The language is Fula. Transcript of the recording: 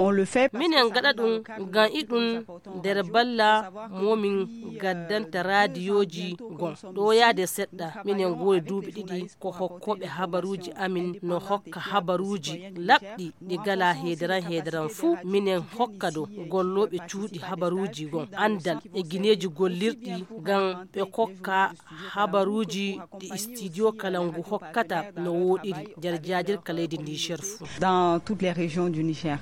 minen le fait ngam iɗum nder balla momin euh, gaddanta radioji gon doya de sedda minen gori duuɓi didi ko be habaruji amin no hokka habaruji laɓɗi ɗi gala hederan hederan fuu minen hokka ɗo habaruji gon euh, andal e gineji gollirdi gan be kokka habaruji di studio euh, kalangu hokkata no woɗiri nder jadirka leydi dans toutes les régions du niger